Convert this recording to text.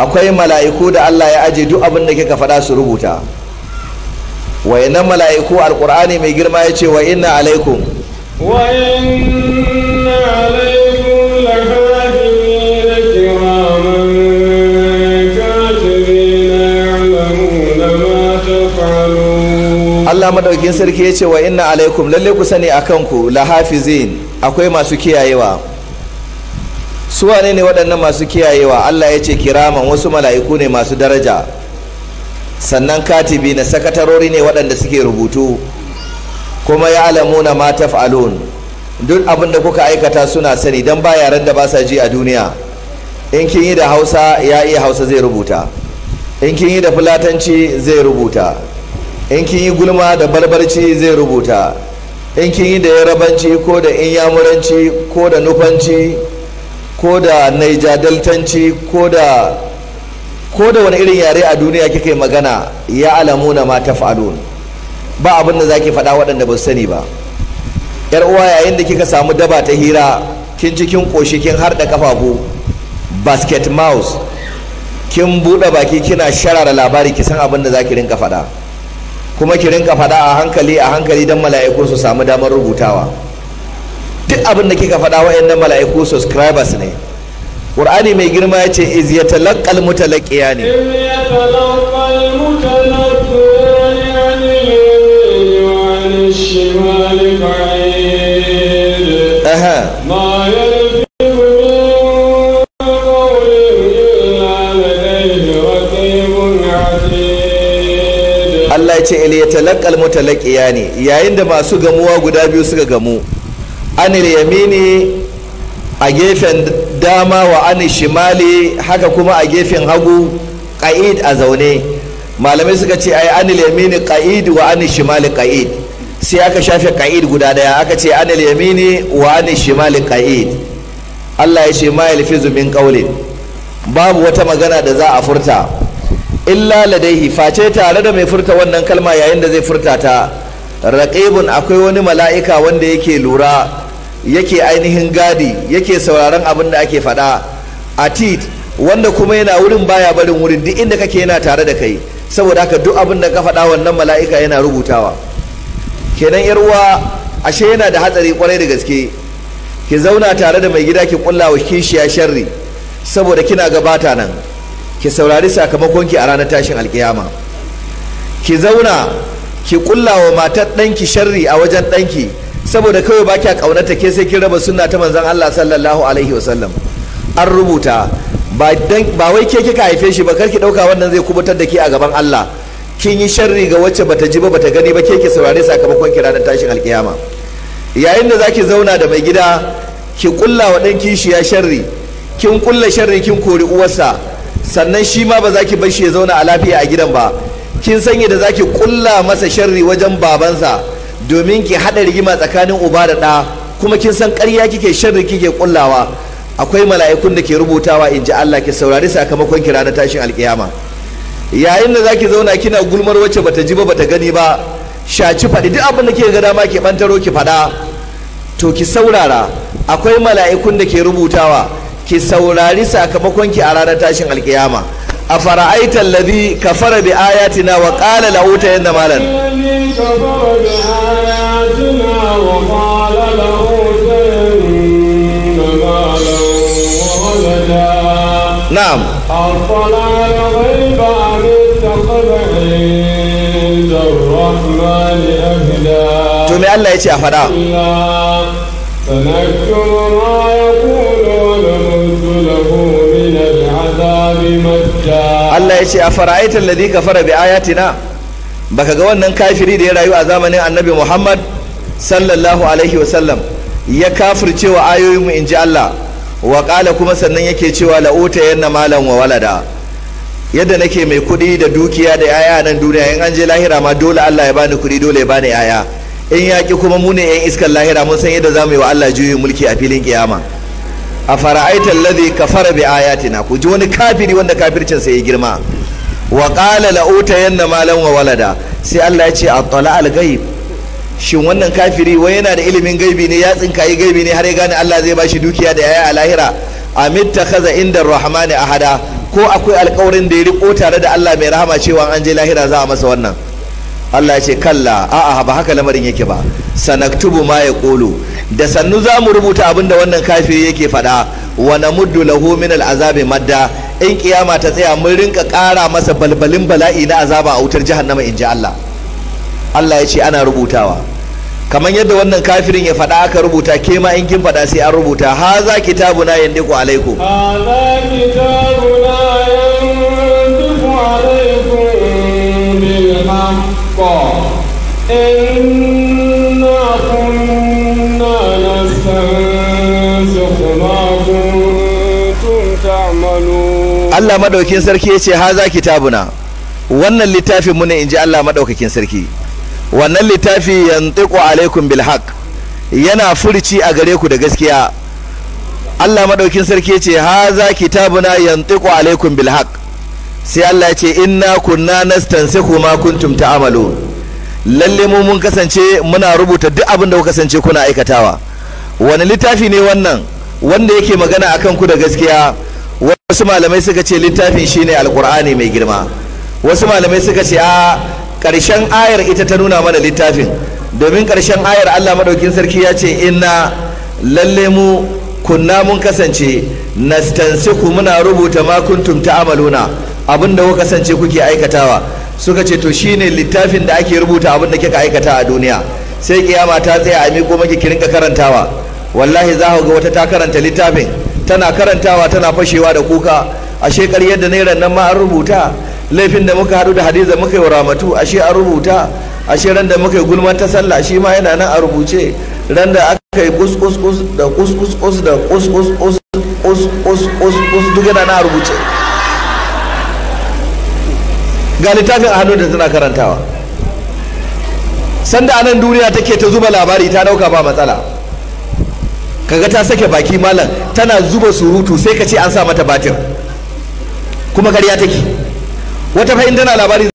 akwai mala'iku da Allah ya aje duk abin da kika faɗa su rubuta wayannan mala'iku alqur'ani mai girma ya ce wa inna alaikum wa inna alaikum Allah madaukin sarki ya ce wa inna alaikum lalle ku sani akan ku lahafizin akwai masu kiyayewa su wane ne waɗannan masu kiyayewa Allah ya ce kiraman wasu mala'iku ne masu daraja sannan katibi na sakatarori ne waɗanda suke rubutu kuma ya alamuna ma taf'alun duk abin da kuka aikata suna sani don ba yaren da ba sa ji a duniya in kin yi da hausa ya iya hausa zai rubuta in kin yi da fulatanci zai rubuta in kin yi gulma da barbarci zai rubuta in kin yi da yarabanci ko da inyamuranci ko da nufanci ko da naija deltanci ko da ko da wani irin yare a duniya kika yi magana ya alamu na mata taf'alun ba abin da zaki faɗa waɗanda ba su sani ba yar uwa yayin da kika samu daba ta hira kin cikin ƙoshi kin harɗa kafafu basket mouse kin buɗe baki kina sharara labari ki san abin da zaki rinka faɗa kuma ki rinka faɗa a hankali a hankali don mala'iku su samu damar rubutawa duk abin da kika faɗa wa'annan mala'iku subscribers ne qur'ani mai girma ya ce iz yatalaqqal mutalaqiya ne Aha. Allah ya ce iliyatalakkal mutalaqiya ne yayin da masu gamuwa guda biyu suka gamu anil yamini a gefen dama wa anil shimali haka kuma a gefen hagu ƙa'id a zaune malamai suka ce ai anil yamini ƙa'id wa anil shimali ƙa'id sai aka shafe ƙa'id guda daya aka ce anil yamini wa anil shimali ƙa'id Allah ya ce ma yalfizu min qawlin babu wata magana da za a furta illa ladaihi face tare da mai furta wannan kalma yayin da zai furta ta raqibun akwai wani mala'ika wanda yake lura yake ainihin gadi yake sauraron abin da ake faɗa tit wanda kuma yana wurin baya barin wurin duk inda kake yana tare da kai saboda haka duk abin da ka faɗa wannan mala'ika yana rubutawa kenan yar uwa ashe yana da hatsari kwarai da gaske ki zauna tare da mai gida ki kulla wa kishiya sharri saboda kina gabata nan ki saurari sakamakon ki a ranar tashin alkiyama ki zauna ki kulla wa matar ɗanki sharri a wajen ɗanki saboda kawai ba kya ta ke sai kin raba sunna ta manzon Allah sallallahu alaihi wasallam an rubuta ba wai ke kika haife shi ba karki ɗauka wannan zai kubutar da ke a gaban Allah kin yi sharri ga wacce bata ji ba bata gani ba ke saurari saurare sakamakon kira ranar tashin alkiyama yayin da zaki zauna da mai gida ki kulla wa ɗan kishiya sharri kin kulla sharri kin kori uwarsa sannan shi ma ba za ki bar shi ya zauna a lafiya a gidan ba kin sanya da za ki kulla masa sharri wajen babansa domin ki haɗa rigima tsakanin uba da ɗa kuma kin san ƙarya kike sharri kike kullawa akwai mala'ikun da ke rubutawa in ji Allah ki saurari sakamakon ki ranar tashin alkiyama yayin da zaki zauna kina gulmar wacce bata ji ba bata gani ba shaci faɗi duk abin da kike ga dama ke bantaro ki faɗa to ki saurara akwai mala'ikun da ke rubutawa ki saurari sakamakon ki a ranar tashin alkiyama a fara lazi ka fara biaya tina wa kala da yin da malar na'am to me Allah ya ce a fada sanakkun ma ya kuno da mutu Allah ya ce a fara'aitar ka fara bi ayatina baka ga wannan kafiri da ya rayu a zamanin annabi Muhammad sallallahu alaihi wasallam ya kafirce wa ayoyinmu in ji Allah wa kala kuma sannan yake cewa la'uta yanna malam wa walada yadda nake mai kuɗi da dukiya da yaya nan duniya in an je lahira ma dole Allah ya bani kuɗi dole ya bani yaya in yaƙi kuma mu ne 'yan iskar lahira mun san yadda za mu yi wa Allah juyin mulki a filin kiyama a fara'aitar ka kafara bi ayatina ku ji wani kafiri wanda sai ya girma wa ƙala la'uta yanna malan wa walada sai Allah ya ce a tsala algai shin wannan kafiri wai yana da ilimin gaibi ne ya yi gaibi ne har ya gane Allah zai bashi dukiya da yaya a lahira mita kaza inda a hada. ko akwai alkawarin da ya riko tare da Allah mai rahama cewa an je lahira za a masa wannan Allah ya ce kalla a'a ba haka lamarin yake ba sanaktubu ma ya kolo da sannu za mu rubuta abin da wannan kafiri yake faɗa wa muddu lahu min al'azabi madda in kiyama ta tsaya mun rinka ƙara masa balbalin bala'i na azaba a wutar jahannama in ji Allah Allah ya ce ana rubutawa kamar yadda wannan kafirin ya faɗa aka rubuta ke ma in kin faɗa sai an rubuta haza kitabuna yandiku alaikum Allah madaukakin sarki yace haza kitabuna wannan littafin mu ne inji Allah madaukakin sarki wannan littafi yantiqu alaikum bil haqq yana furici a gare ku da gaskiya Allah madaukakin sarki yace haza kitabuna yantiqu alaikum bil haqq sai Allah ya ce inna kunna nastansikhu ma kuntum ta'malu lalle mu mun kasance muna rubuta duk abin da kuka kasance kuna aikatawa wani littafi ne wannan wanda yake magana akan ku da gaskiya wasu malamai suka ce littafin shine alkur'ani mai girma wasu malamai suka ce a ƙarshen ayar ita ta nuna mana littafin domin ƙarshen ayar allah maɗaukin sarki ya ce inna lalle mu kunna mun kasance ku muna rubuta makuntum ta amaluna abinda ku kasance kuke aikatawa suka ce to shine littafin da ake rubuta abin da kika aikata a duniya sai kiyama ta tsaya a miƙo maki ki rinka karantawa wallahi za ku ga wata ta karanta littafin tana karantawa tana fashewa da kuka ashe ƙaryar da nairan nan ma an rubuta laifin da muka haɗu da hadiza muka yi ramatu ashe an rubuta ashe ran da muka yi gulman ta sallah shi ma yana nan a rubuce ran da aka yi kus da kus da kus kus kus duk yana nan a rubuce ga littafin a hannu da tana karantawa sanda anan duniya take ta zuba labari ta dauka ba matsala kaga ta sake baki malam tana zuba surutu sai ka ce an sa mata batir kuma karya take wata fahimtar tana labarin